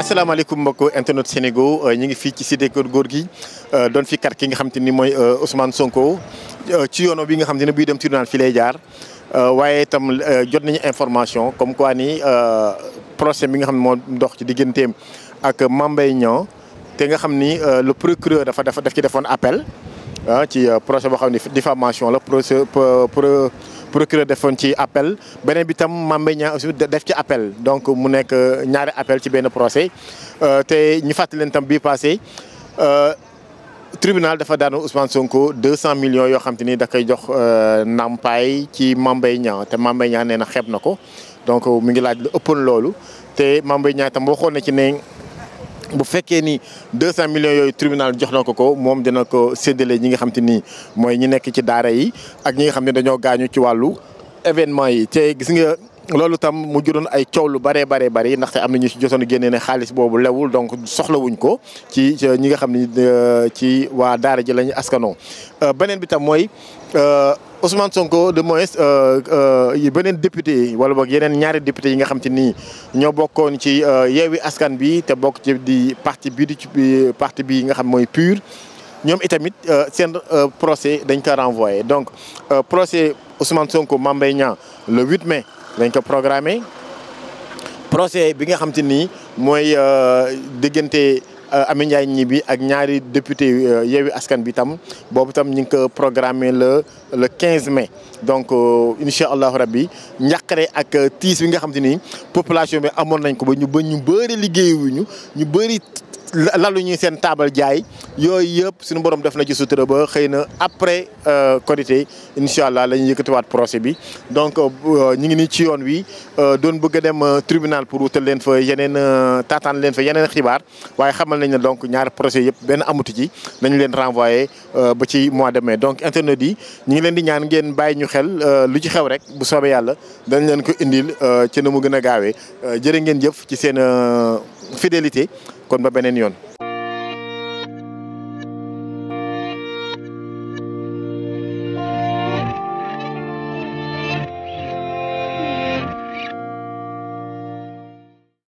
asalaamaaleykum mbokk internet Sénégal euh, ñu ngi fii ci cité kër góor gi euh, doon fi kat ki nga xam te ni mooy euh, Ousmane Sonko ci yoono bi nga xam te ne bii dem tribunal fi lay jaar waaye itam jot nañu information comme quoi ni procès bi nga xam ne moo ndox ci digganteem ak Mame Mbaye Niang te nga xam ni le procureur dafa dafa daf ci defoon appel ah, ci procès boo xam ne diffamation la procès procureur defoon ci appel beneen bi tam Mame Mbaye aussi def ci appel donc mu nekk euh, ñaari appel ci benn procès euh, te ñu fàttali leen tam bii passé euh, tribunal dafa daanu Ousmane Sonko 200 millions yoo xam te ni da jox nampaay ci Mame Mbaye Niang te Mame Mbaye nee na xeeb na ko donc mu ngi laaj lu ëppoon loolu te Mame Mbaye Niang tam waxoon na ci ne. bu fekkee ni 200 millions yooyu tribunal jox na ko ko moom dina ko séddale ñi nga xam te ni mooy ñi nekk ci daara yi ak ñi nga xam ne dañoo gaañu ci wàllu événement yi te gis nga. loolu tam mu juróon ay coow lu bëree bëree bëri ndaxte am na ñu ci jotoon génnee ne xaalis boobu lewul donc soxlawuñ ko ci ñi nga xam ni euh, ci waa daara ji lañu askanoo euh, beneen bi tam mooy euh, Ousmane Sonko de moins beneen député wala boog yeneen ñaari député yi nga xam te ni ñoo bokkoon ci yeewi askan bi te bokk ci di parti bi di ci parti bi nga xam mooy PUR ñoom itamit seen procès dañ ko renvoyé donc procès usman Sonko Mame Mbaye Niang le huit mais dañ ko programmé procès bi nga xam te nii mooy euh, diggante euh, Amy Ndiaye Gniby ak ñaari député euh, Yewwi Askan bi itam boobu itam ñu ngi ko programmé le le 15 mai donc incha allahu rabbi njàqare ak tiis bi nga xam te nii population bi amoon nañ ko ba ñu ba ñu bëri liggéeyuñu ñu bëri lalu ñuy seen taabal jaay yooyu yëpp suñu borom def na ci sutura ba xëy na après euh, Korité incha allah lañu yëkkatiwaat procès bi donc euh, euh, ñu ngi nii ci yoon wi doon bëgg a dem tribunal pour wutal leen fa yeneen taataan leen fa yeneen xibaar waaye xamal nañ ne donc ñaar procès yëpp benn amutu ci dañu leen renvoyé ba ci mois de mai donc internet yi ñu ngi leen di ñaan ngeen bàyyi ñu xel lu ci xew rek bu soobee yàlla dañ leen ko indil ci na mu gën a gaawee jërë ngeen jëf ci seen fidélité kon ba beneen yoon.